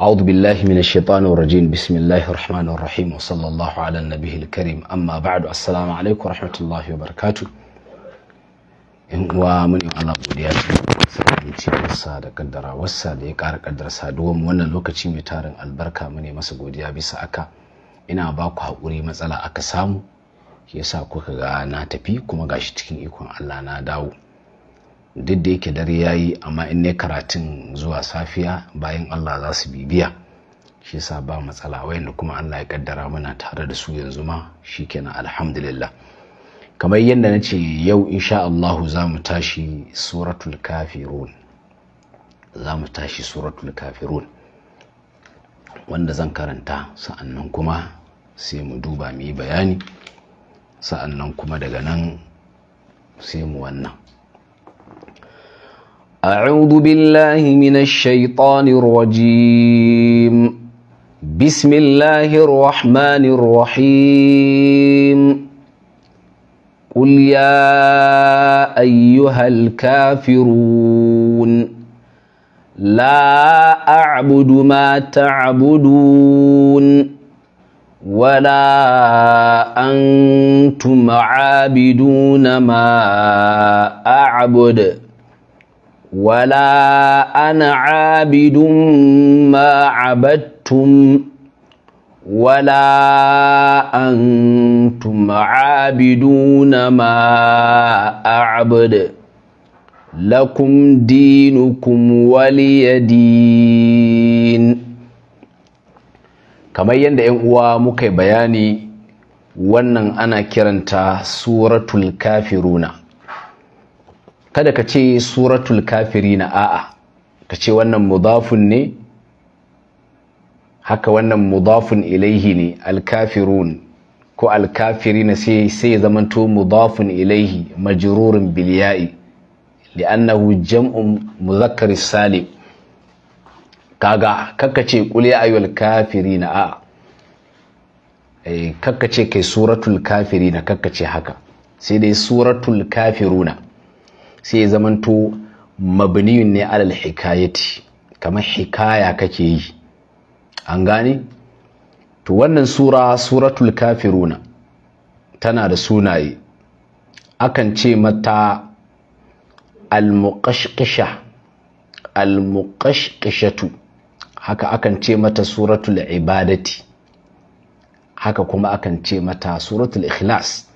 أعوذ بالله من الشيطان الرجيم بسم الله الرحمن الرحيم وصلى الله على النبي الكريم أما بعد السلام عليكم ورحمة الله وبركاته in uwa muni Allah godiya da kaddara wasa da ya ƙara kaddara saduwa mu wannan lokaci mai tarin albarka mune masa godiya bisa aka ina ba ku haƙuri matsala aka samu yasa kuka ga na tafi kuma gashi cikin ikon Allah na dawo duk da yake dare ya yi amma in ne karatun zuwa safiya bayan allah za su bibiya shi sa ba matsala wayanda kuma allah ya kaddara muna tare da su yanzu ma shi kenan alhamdulillah kamar yadda na ce yau insha allahu za mu tashi suratul kafirun za mu tashi suratul kafirun wanda zan karanta sa'annan kuma sai mu duba mu yi bayani sa'annan kuma daga nan sai mu wannan أعوذ بالله من الشيطان الرجيم بسم الله الرحمن الرحيم قل يا أيها الكافرون لا أعبد ما تعبدون ولا أنتم عابدون ما أعبد ولا أنا عابد ما عبدتم ولا أنتم عابدون ما أعبد لكم دينكم ولي دين kamar yadda 'yan uwa muka bayani wannan ana kiranta suratul kafiruna kada ka ce suratul kafirina a'a ka ce wannan mudafun ne haka wannan mudafun ilaihi ne alkafirun ko alkafirina sai sai zamanto mudafun ilaihi majrurun bil ya'i li'annahu jam'un muzakkar salim kaga kaka ce qul ya ayyuhal kafirina a'a eh, kaka ce kai suratul kafirina kaka ce haka sai dai suratul kafiruna sai ya zamanto mabniyun ne alal hikayati kamar hikaya kake yi an gane to wannan sura suratul kafiruna tana da sunaye akan ce mata al almuqashqishatu." haka akan ce mata suratul ibadati haka kuma akan ce mata suratul ikhlas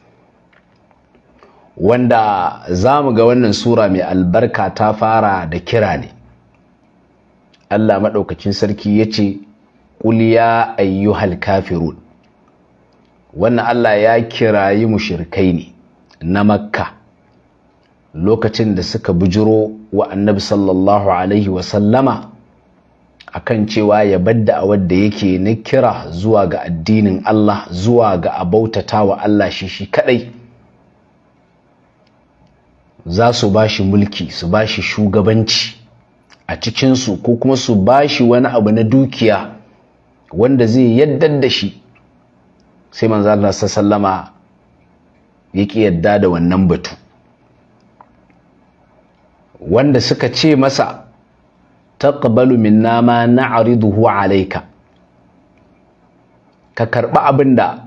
wanda za mu ga wannan sura mai albarka ta fara da kira ne Allah maɗaukacin sarki ya ce ƙuliya ayyuhal kafirun wannan Allah ya kirayi mushirkai ne na makka lokacin da suka bujiro wa annabi sallallahu alaihi wasallama kan cewa ya badda a wadda yake na kira zuwa ga addinin Allah zuwa ga abautata wa Allah shi shi kadai za su ba shi mulki su ba shi shugabanci a cikinsu ko kuma su ba shi wani abu na dukiya wanda zai yaddar da shi sai manzo Allah sallama ya ƙi yadda da wannan batu wanda suka ce masa taqbalu minna ma na'riduhu alaika, ka karɓi abin da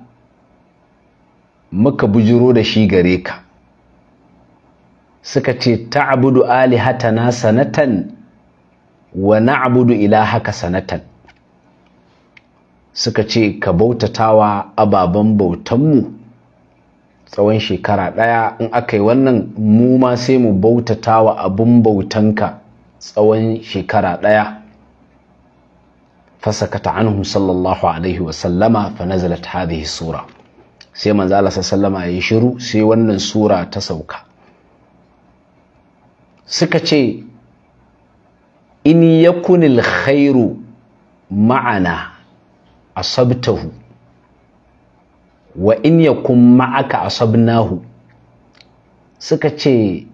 muka bujiro da shi gare ka suka ce ta ta'budu alihatana sanatan wa ila haka sanatan suka ce ka bautatawa ababen bautanmu tsawon shekara ɗaya in aka yi wannan mu ma sai mu bautatawa abin bautanka tsawon shekara ɗaya fasakata anhu sallallahu alaihi wa sallama fa nazalat hadhihi sura sai manzo Allah sallama ya shiru sai wannan sura ta sauka suka ce in ya kunil khairu ma'ana asabtahu wa in ya kun ma'aka asabnahu suka ce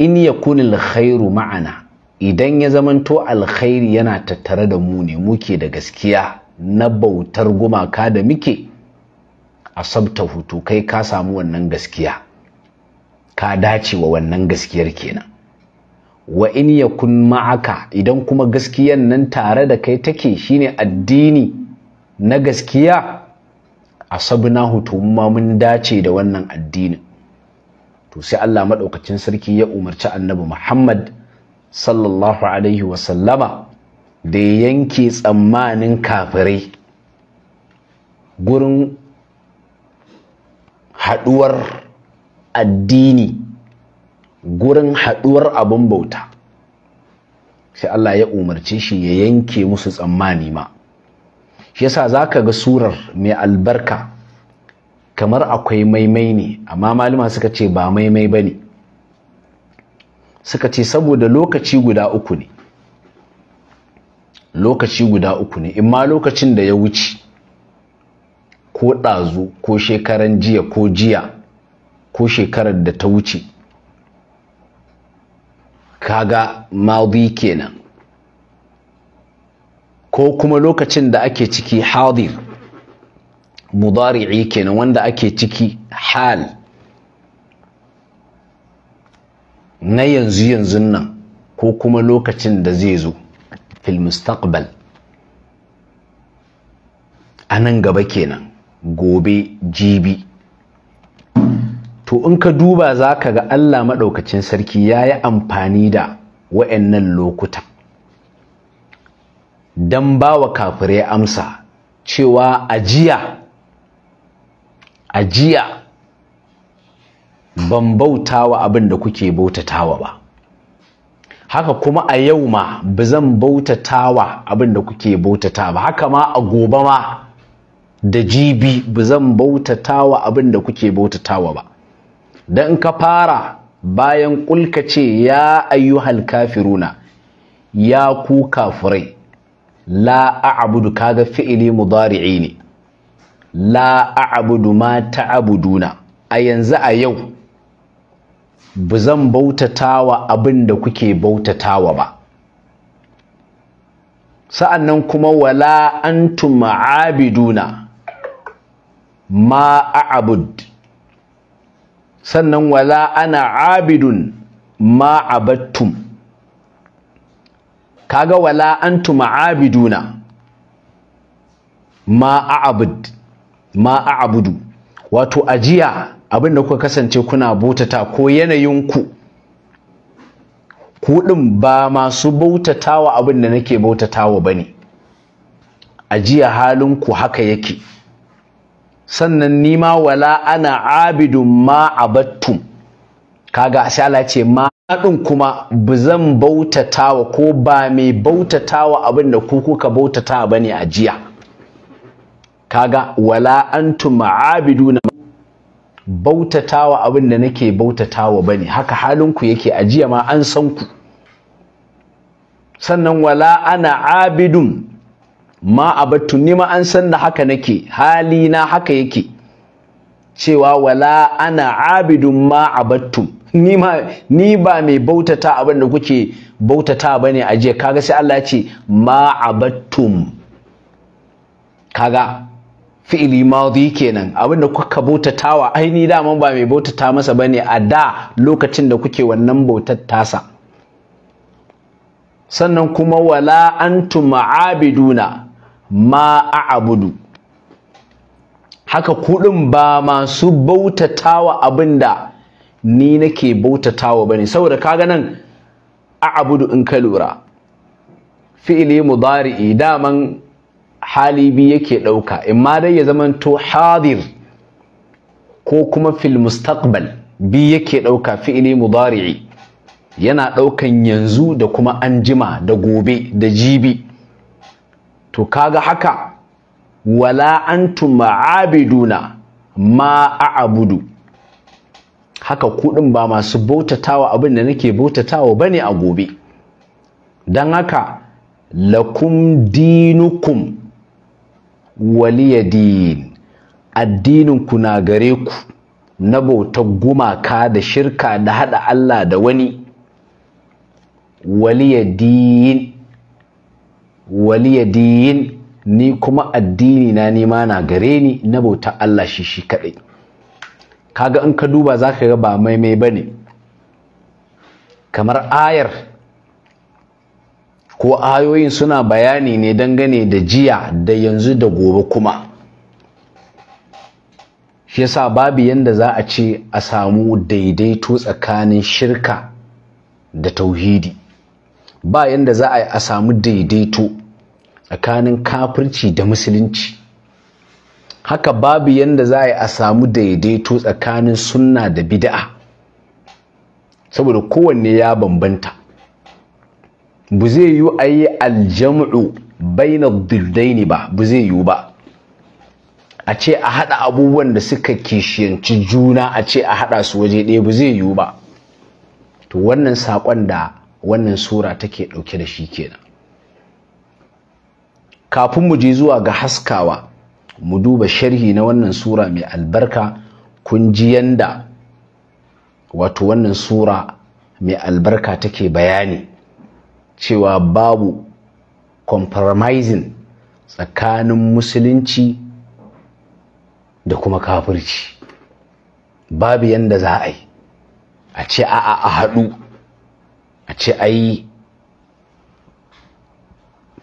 in ya kunil khairu ma'ana idan ya zamanto alkhairi yana tattare da mu ne muke da gaskiya na bautar gumaka da muke asabtahu to kai ka samu wannan gaskiya ka dace wa wannan gaskiyar kenan wa in yakun ma'aka idan kuma gaskiyar nan tare da kai take shine addini na gaskiya A asabnahu to ma mun dace da wannan addinin to sai Allah madaukakin sarki ya umarci Annabi Muhammad sallallahu alaihi wa sallama da ya yanke tsammanin kafirai gurin haduwar addini gurin haɗuwar abin bauta sai Allah ya umarce shi ya yanke musu tsammani ma shi yasa za ka ga surar mai albarka kamar akwai maimai ne amma malama suka ce ba maimai bane suka ce saboda lokaci guda uku ne lokaci guda uku ne in ma lokacin da ya wuce ko ɗazu ko shekaran jiya ko jiya ko shekarar da ta wuce kaga maudi kenan ko kuma lokacin da ake ciki hadir mudari'i kenan wanda ake ciki hal na yanzu yanzu nan ko kuma lokacin da zai zo fil mustaqbal a nan gaba kenan gobe jibi to in ka duba za ka ga Allah maɗaukacin sarki ya yi amfani da wa'annan lokuta don ba wa kafirai amsa cewa ajiya ajiya ban bauta wa abin da kuke bautatawa ba haka kuma a yau ma ba zan bautatawa abin da kuke bautata ba haka ma a gobe ma da jibi ba zan bautatawa abin da kuke bautatawa ba dan ka fara bayan kulka ce ya ayyuhal kafiruna ya ku kafirai la a'budu kaga fi'ili mudari'i ne la a'budu ma ta'buduna a yanzu a yau ba zan bautatawa abin da kuke bautatawa ba sa'annan kuma wala antum ma'abiduna ma a'bud sannan wala ana abidun ma abattum kaga wala antum abiduna ma a ma wato ajiya abinda kuka kasance kuna bautata ko yanayin ku din ba masu bautatawa abinda nake bautatawa bane ajiya halinku haka yake sannan nima wala ana abidun ma abattum kaga sai Allah ce ma din kuma bazan bautatawa ko ba mai bautatawa abin da ku kuka bautata bane a jiya kaga wala antum ma'abiduna bautatawa abin da nake bautatawa bane haka halinku yake a jiya ma an san ku sannan wala ana abidun ma abattu nima an san da haka nake hali na haka yake cewa wala ana abidun ma abattum ni ni ba mai bautata abin da kuke bautata bane a je kaga sai Allah ce ma abattum kaga fi'ili madhi kenan abin da kuka bautatawa ai dama dama ba mai bautata masa bane a da lokacin da kuke wannan bautattasa. sannan kuma wala antum ma'abiduna ma a'budu haka kuɗin ba masu bautatawa abinda ni nake bautatawa bane saboda kaga nan a'budu in ka lura fi'ili mudari'i daman hali bi yake ɗauka ma dai ya zamanto hadir ko kuma fil mustaqbal bi yake ɗauka fi'ili mudari'i yana ɗaukan yanzu da kuma anjima da gobe da jibi to kaga haka wala antum ma'abiduna ma a'budu haka kuɗin ba masu bautatawa abin da nake bautatawa bane a gobe dan haka lakum dinukum waliyadin addinin ku na gare ku na bautar gumaka da shirka da hada Allah da wani waliyadin waliyadiyin ni kuma addini na nima na gare ni na bauta Allah shi shi kadai kaga in ka duba za ka ga ba maimai bane kamar ayar ko ayoyin suna bayani ne dangane da jiya da yanzu da gobe kuma shi yasa babu yanda za a ce a samu daidaito tsakanin shirka da tauhidi ba yadda za a yi a samu daidaito tsakanin kafirci da musulunci haka babu yadda za a yi a samu daidaito tsakanin sunna da bida'a, saboda kowanne ya bambanta bu zai yi a yi aljam'u baina dildaini ba bu zai yi ba a ce a haɗa abubuwan da suka kishiyanci juna a ce a haɗa su waje ɗaya bu zai yi ba to wannan saƙon da wannan sura take ɗauke da shi kenan kafin mu je zuwa ga haskawa mu duba sharhi na wannan sura mai albarka kun ji yanda wato wannan sura mai albarka take bayani cewa babu compromising tsakanin musulunci da kuma kafirci babu yanda za a yi a ce a'a a haɗu ce ai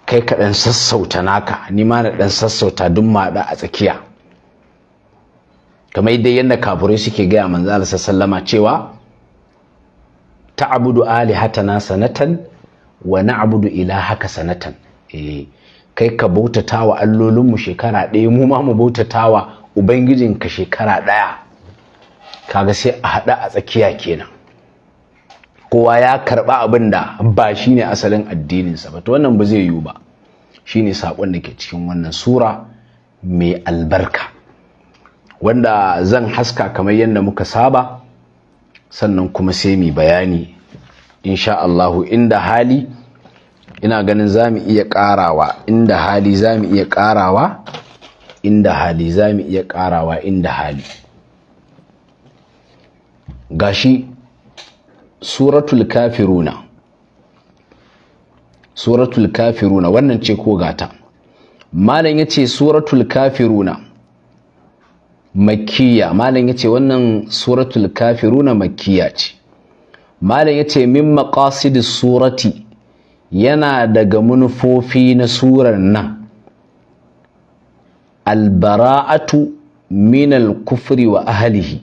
kai ka ɗan sassauta naka ni ma na ɗan sassauta duk maɗa a tsakiya kamar dai yadda kafurai suke gaya manzo Allah sallama cewa ta'budu alihatana sanatan wa na'budu ilahaka sanatan eh kai ka bautatawa allolinmu shekara ɗaya mu ma mu bautatawa ubangijinka shekara ɗaya kaga sai a haɗa a tsakiya kenan kowa ya karɓa abin da ba shi ne asalin addininsa ba to wannan ba zai yiwu ba shi ne saƙon da ke cikin wannan sura mai albarka wanda zan haska kamar yadda muka saba sannan kuma sai mai bayani insha Allahu inda hali ina ganin za mu iya karawa inda hali za iya ƙarawa inda hali za mu iya ƙarawa inda hali gashi suratul kafiruna suratul kafiruna wannan ce ko gata malam yace suratul kafiruna makkiya malam yace wannan suratul kafiruna makkiya ce malam yace min maqasid surati yana daga manufofi na surar nan albara'atu min al-kufri wa ahlihi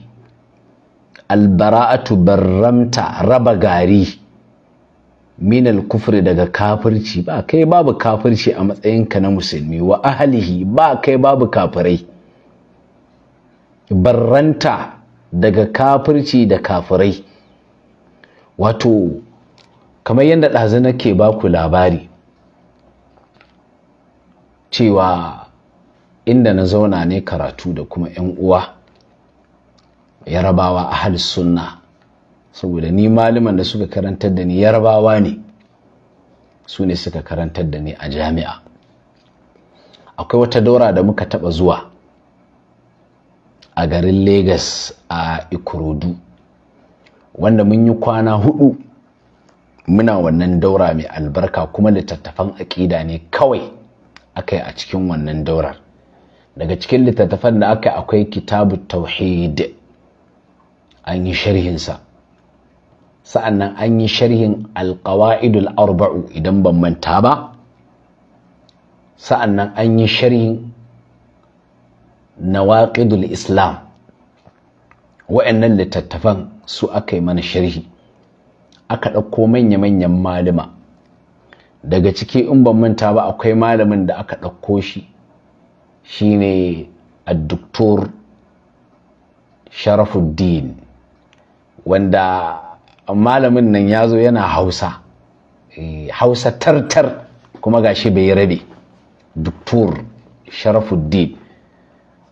albara'atu barramta raba gari minal kufri daga kafirci ba kai babu kafirci a matsayinka na musulmi wa ahalihi ba kai babu kafirai barranta daga kafirci da kafirai wato kamar yadda ɗazu nake ba ku labari cewa inda na zauna ne karatu da kuma 'yan uwa yarabawa hal sunna saboda ni maliman da suka karantar da ni yarabawa ne su ne suka karantar da ni a jami'a akwai wata daura da muka taba zuwa a garin Legas a Ikurudu, wanda mun yi kwana hudu muna wannan daura mai albarka kuma littattafan aƙida ne kawai aka a cikin wannan daurar daga cikin littattafan da aka akwai kitabu tauhidi. an yi sharhinsa sa'an nan an yi sharhin alƙawa'idul arba'u idan ban manta ba sa'an nan an yi sharhin nawaƙidul islam nan littattafan su aka yi mana sharhi aka ɗauko manya-manyan malima. daga ciki in ban manta ba akwai malamin da aka ɗauko shi shine a doktor sharafuddin wanda malamin nan ya zo yana hausa eh, hausa tartar kuma gashi bai rabe doktor sharafuddin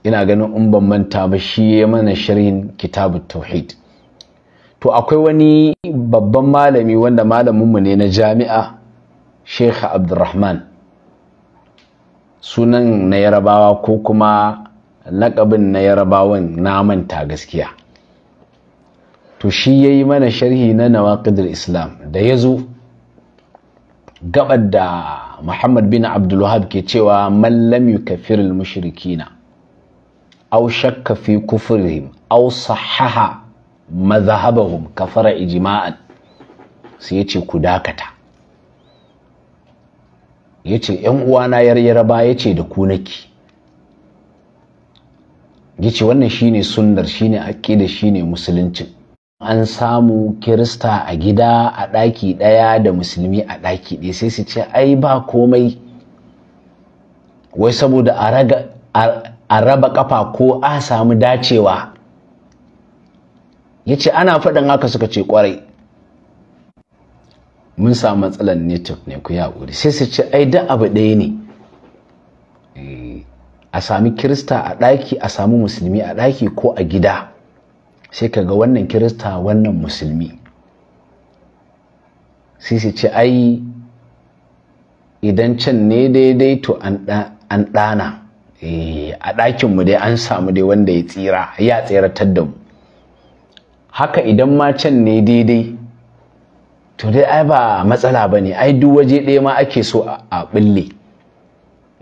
ina ganin in ban manta ba shi ya mana sharhin kitabu tauhid to akwai wani babban malami wanda malaminmu ne na jami'a sheikh abdurrahman sunan na yarabawa ko kuma laƙabin na yarabawan na manta gaskiya to shi ya yi mana sharhi na nawaqidul islam da ya zo gabar da muhammad bin abdulwahab ke cewa mallam lam yukaffir mushrikina au shakka fi kufurin au sahaha madhhabahum kafara ijma'an sai ya ce ku dakata ya ce ‘yan uwana yar ba ya ce da ku ya ce wannan shine sunnar shine aƙida shine musuluncin an samu kirista a gida a ɗaki ɗaya da musulmi a ɗaki ɗaya sai su ce ai ba komai wai saboda a raba ƙafa ko a samu dacewa ya ce ana faɗin haka suka ce ƙwarai mun samu matsalar network ne ku yaƙuri sai su ce ai da abu ɗaya ne eh, a sami kirista a ɗaki a samu musulmi a ɗaki ko a gida sai ka ga wannan kirista wannan musulmi sai su ce ai idan can ne daidai to an ɗana eh, a ɗakinmu dai an samu dai wanda ya tsira ya tseratar da mu haka idan ma can ne daidai to dai ai ba matsala ba ne ai duk waje ɗaya ma ake so a ɓille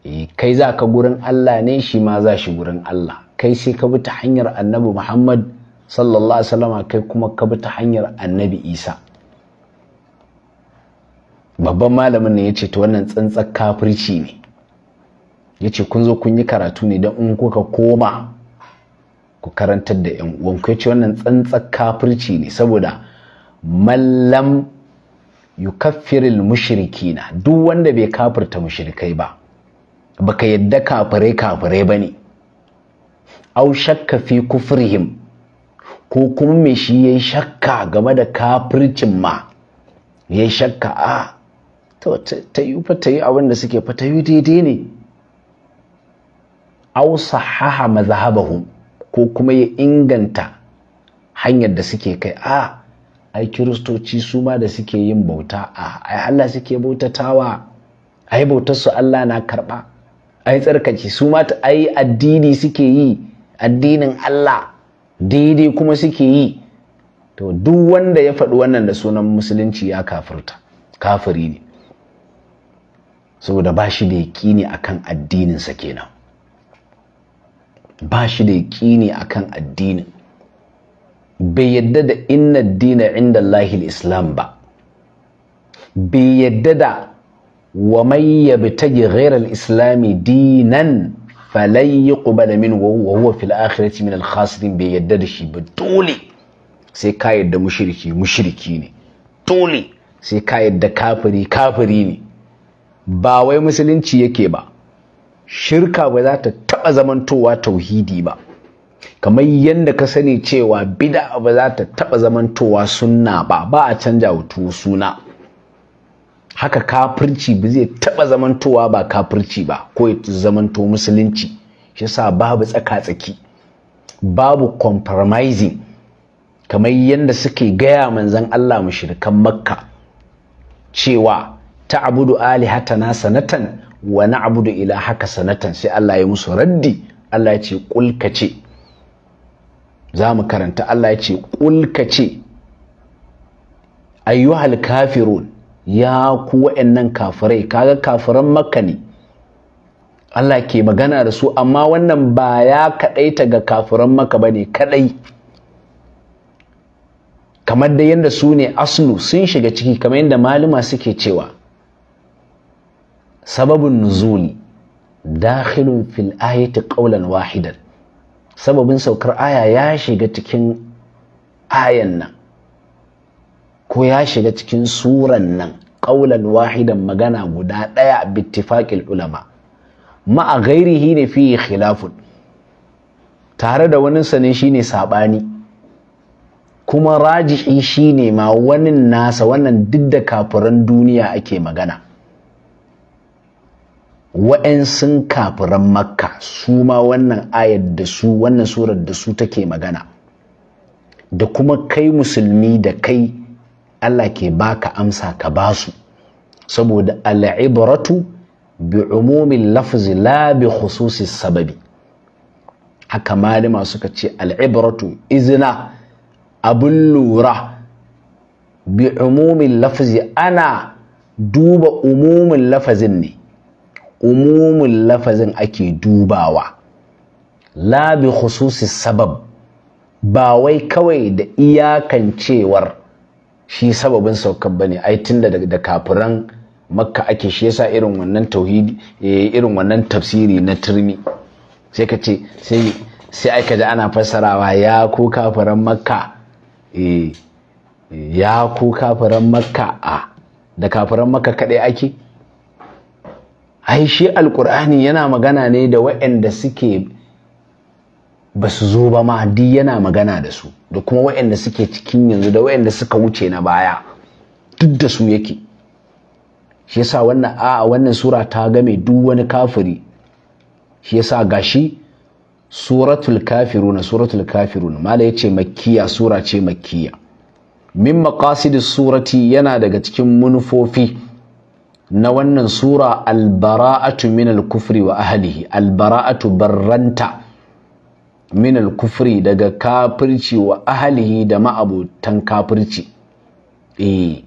eh, kai za ka gurin Allah ne shi ma za shi gurin Allah kai sai ka bi ta hanyar annabi Muhammadu. sallallahu alaihi wasallama kai kuma ka bi ta hanyar annabi isa babban malamin ne ya ce ta wannan tsantsar kafirci ne ya ce kun zo kun yi karatu ne don in kuka koma ku karantar da yan uwanku ya ce wannan tsantsar kafirci ne saboda mallam yukaffiril mushrikina duk wanda bai kafirta mushrikai ba baka yadda kafirai kafirai ba ne au shakka fi kufrihim ko kuma mai shi ya yi shakka game da kafircin ma ya yi shakka a to ta yi fata yi abin da suke fata yi daidai ne au sahaha mazhabahum ko kuma ya inganta hanyar da suke kai a ai kiristoci su ma da suke yin bauta a ai Allah suke bautatawa ai bautar su Allah na karba ai tsarkake su ma ai addini suke yi addinin Allah daidai kuma suke yi to duk wanda ya faɗi wannan da sunan musulunci ya kafirta kafiri ne saboda ba shi da yaƙini akan addininsa kenan ba shi da yaƙini akan addinin bai yadda da inna dina inda Allahil Islam ba bai yadda da wa mai tagi ghairal islami dinan falai yi ƙubala min wa huwa fil akhirati min al bai yadda da shi ba dole sai ka yadda mushriki mushriki ne dole sai ka yadda kafiri kafiri ne ba wai musulunci yake ba shirka ba za ta taɓa zamantowa tauhidi ba kamar yadda ka sani cewa bida ba za ta taɓa zamantowa sunna ba ba a canja wa suna haka kafirci ba zai taɓa zamantowa ba kafirci ba ko ya zamanto musulunci shi yasa babu tsaka-tsaki babu compromising kamar yadda suke gaya manzan Allah mu mushrikan makka cewa ta hata na sanatan wa ila haka sanatan sai Allah ya musu raddi Allah ya ce kulka za mu karanta Allah ya ce kulka ayyuhal kafirun ya ku wa'annan kafirai kaga kafiran makka ne Allah ke magana da su amma wannan ba ya kaɗaita ga kafiran makka ba ne kaɗai kamar da yadda su ne aslu sun shiga ciki kamar yadda malama suke cewa sababin nuzuli dakhilun fil ayati qawlan wahidan sababin saukar aya ya shiga cikin ayan nan ko ya shiga cikin suran nan ƙaulan wahidan magana guda ɗaya a bittifaƙil ulama ma'a gairihi ne fi khilafun tare da wani sanin shine saɓani kuma rajihi shine ma wani nasa wannan duk da kafiran duniya ake magana wa'yan sun kafiran makka su ma wannan ayar da su wannan surar da su take magana da kuma kai musulmi da kai Allah ke baka amsa ka basu saboda al'ibratu bi umumin lafzi la bi khususi sababi haka malama suka ce al'ibratu izina abin lura bi umumin lafzi ana duba umumin lafazin ne umumin lafazin ake dubawa la bi khususi sabab ba wai kawai da iyakan cewar shi sababin ba ne, ai tun da kafiran makka ake shi yasa irin wannan tauhidi eh, irin wannan tafsiri na turmi sai ka ce sai sai ji ana fassarawa ya ku kafiran makka eh, eh, ya ku kafiran makka a da kafiran makka kaɗai ake ai shi alkur'ani yana magana ne da waɗanda suke ba su zo ba ma duk yana magana da su da kuma wayanda suke cikin yanzu da wayanda suka wuce na baya duk da su yake shi yasa wannan a wannan sura ta game duk wani kafiri shi yasa gashi suratul kafiruna suratul kafiruna mala yace makkiya sura ce makkiya min maqasidis surati yana daga cikin munufofi na wannan sura albara'atu min al-kufri wa ahlihi albara'atu barranta Minal kufri daga kafirci wa ahalihi da ma'abutan kafirci eh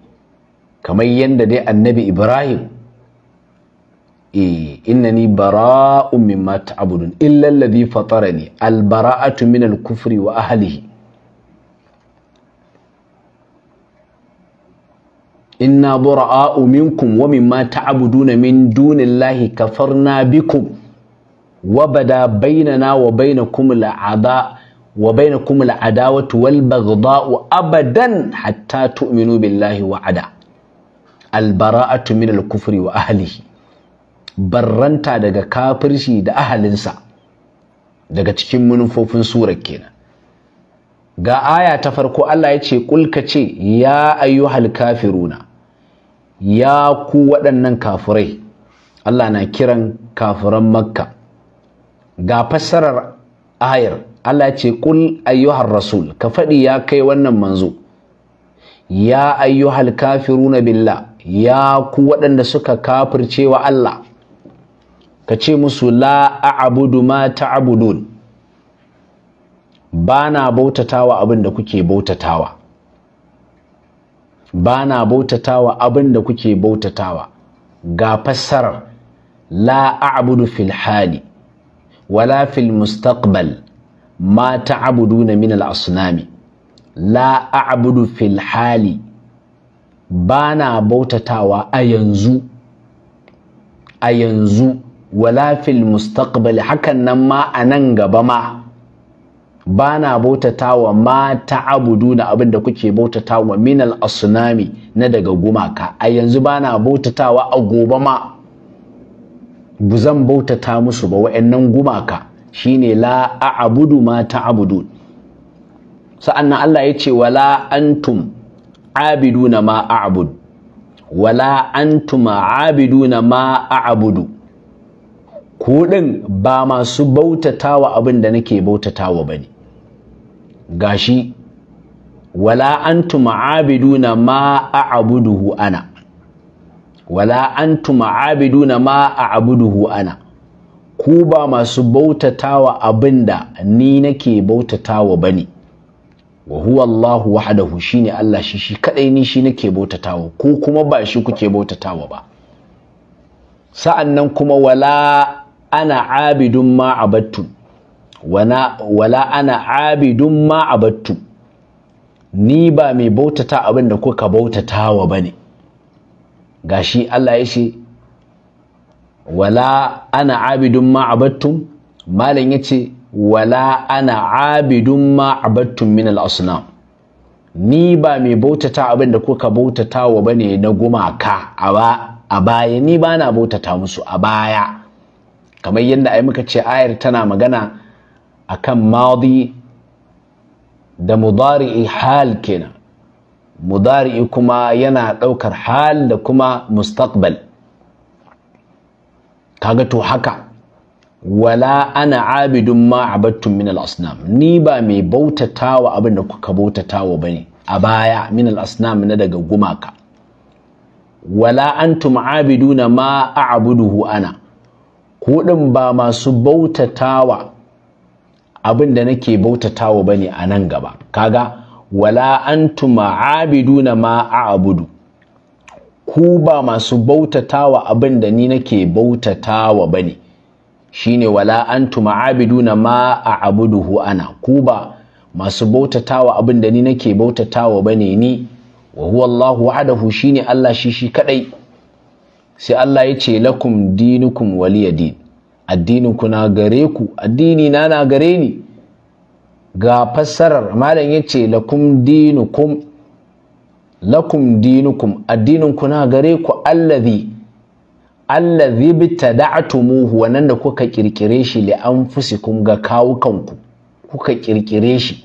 kamar yadda dai annabi Ibrahim eh innani bara'un mimma ta'budun illa alladhi fatarani al-bara'atu min wa ahalihi inna bura'a'u minkum wa mimma ta'buduna min dunillahi kafarna bikum وبدا بيننا وبينكم العداء abadan hatta والبغضاء billahi wa تؤمنوا Albara a البراءة من wa وأهله barranta daga kafirci da ahalinsa daga cikin manufofin surar kenan ga aya ta farko Allah ya ce kulka ce ya ayyuhal kafiruna ya ku waɗannan kafirai Allah na kiran kafiran makka ga fassarar ayar Allah ce kul ayyuhar rasul ka faɗi ya kai wannan manzo ya ayyuhal kafiruna billah ya ku waɗanda suka kafirce wa Allah ka ce musu la a'budu ma ta'budun bana bautatawa abin da kuke bautatawa bana bautatawa abin da kuke bautatawa ga fassarar la a'budu fil hali wala fil mustaqbal ma ta'buduna minal al asnami la a'budu fil hali bana bautatawa a yanzu a yanzu wala fil mustaqbal hakan nan ma a nan gaba ma bana bautatawa ma ta'buduna abinda kuke bautatawa min al asnami na daga gumaka a yanzu bana bautatawa a gobe ma zan bautata musu ba wa'annan gumaka shine la a'budu ma ta'budun sa'annan Allah ya ce wala antum abiduna ma a'bud wala antum abiduna ma a'budu ku din ba masu bautatawa abin da nake bautatawa bane gashi wala antum abiduna ma a'buduhu ana wala antum na ma a a'buduhu ana ku ba masu bautatawa abinda ni nake bautatawa bane wa huwa Allah wahdahu shine Allah shi shi kadai ni shi nake bautatawa ku kuma ba shi kuke bautatawa ba sa'annan kuma wala ana abidun ma a wana wala ana abidun ma ni ba mai bautata abinda kuka bautatawa bane gashi Allah ya ce wala ana abidun ma abattun malam ya ce wala ana abidun ma abattun min al'asuna. ni ba mai bautata abinda da kuka bautata wa bane na gumaka a baya ni ba na bautata musu a baya kamar yadda ai muka ce ayar tana magana akan madi da mudari'i hal kenan mudari'i kuma yana ɗaukar hal da kuma mustaqbal kaga to haka wala ana abidun ma abattum min al-asnam ni ba mai bautatawa abin da kuka bautatawa bane a baya min al-asnam na daga gumaka wala antum abiduna ma a'buduhu ana ku din ba masu bautatawa abin da nake bautatawa bane a nan gaba kaga wala antuma abiduna ma a'budu ku ba masu bautatawa abin da ni nake bautatawa bane shine wala antuma abiduna ma a'buduhu ana ku ba masu bautatawa abin da ni nake bautatawa bane ni wa huwa Allahu wahdahu shine Allah shi shi kadai sai Allah ya ce lakum dinukum waliya din addinin gare ku addini na na gare ni ga fassarar malam ya ce lakum dinukum lakum dinukum addininku na gare ku allazi allazi bitada'tumuhu wannan da kuka kirkire shi li anfusikum ga kawukanku kuka kirkire shi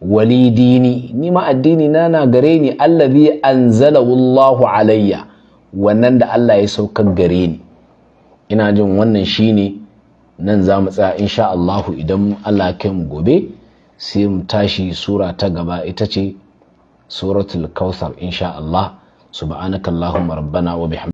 wali dini ni ma addini na na gare ni allazi zala alayya wannan da Allah ya saukar gare ni ina jin wannan shine nan za mu tsaya insha Allahu idan Allah kai mu gobe sai mu tashi sura ta gaba ita ce suratul kautsar insha Allah subhanakallahumma rabbana wa bihamdika